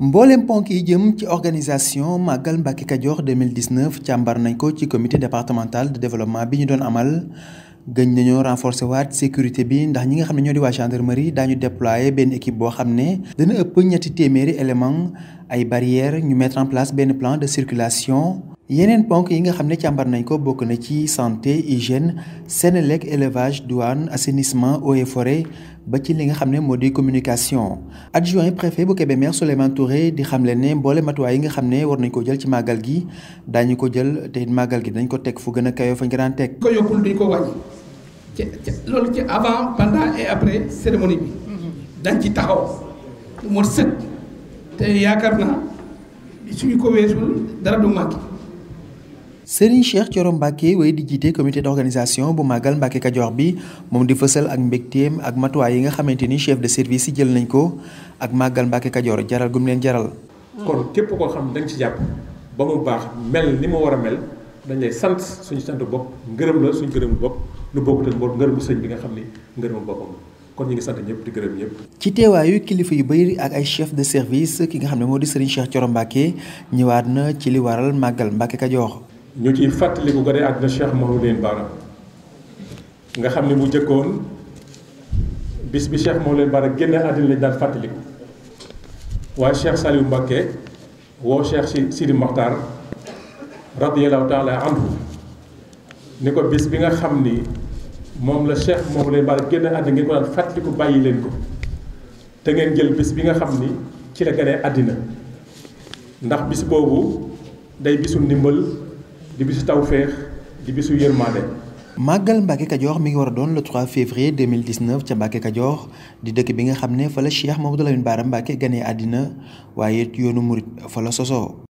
mbooleem ponk yi jëm ci organisation màggal Mbàkke Kajoor 2019 càmbar nañ ko ci comité départemental de développement bi ñu doon amal gëñ nañoo renforcer waat sécurité bi ndax ñi nga xam ne ñoo di waa gendarmerie dañu déployer benn équipe boo xam ne dana ëpp ñetti téeméeri élément ay barrières ñu mettre en place benn plan de circulation yeneen ponk yi nga xam ne càmbar nañ ko bokk na ci santé hygiène lekk élevage douane assainissement eaux et forêt ba ci li nga xam ne moo di communication adjoint préfet bu Kébémer Souleymane Touré di xam leen ne mboole matuwaay yi nga xam ne war nañ ko jël ci màggal gi daañu ko jël te màggal gi dañ ko teg fu gën a kayoo fañ ko daan teg. loolu ci avant pendant et après cérémonie bi dañ ci taxaw mu sët te yaakaar naa suñu ko weesul dara du màgg. Serigne Cheikh Thioro Mbacké way di jiite comité d'organisation bu màggal Mbacké Kajoor bi moom di fësal ak mbégteem ak matuwaay yi nga xamante ni chef de service yi jël nañ ko ak màggal Mbacké Kajoor jaral gum leen jaral. kon képp koo xam dañ ci jàpp ba mu baax mel ni mu war a mel dañ lay sant suñu sant bopp ngërëm la suñu ngërëm bopp lu bokkut ak mboot ngërëmu sëñ bi nga xam ni ngërëmu boppam. kon ñu ngi sant ñëpp di gërëm ñëpp. ci teewaayu kilifa yu bëri ak ay chef de service ki nga xam ne moo di Serigne Cheikh Thioro ñëwaat na ci li màggal Mbacké Kajoor ñu ciy fàttaliku gane àddina Cheikh Mawlén Bara nga xam ne bu jëkkoon bis bi Cheikh Mawlén Bara génne àddina lañ daan fàttaliku waaye Cheikh Saliou Mbacké woo Cheikh Sidi Mokhtar radiyallahu taala anhu ni ko bis bi nga xam ni moom la Cheikh Mawlén Bara génne àddina ngeen ko daan fàttaliku bàyyi leen ko te ngeen jël bis bi nga xam ni ci la gane àddina ndax bis boobu day bisu ndimbal di bisu tawféex di bisu yërmande. màggal Mbacke Kajoor mi ngi war a doon le 3 février 2019 ca Mbacke Kajoor di dëkk bi nga xam ne fa la Cheikh Mamadou Lamine Bara Mbacke ganee àddina waaye yoonu murit fa la sosoo.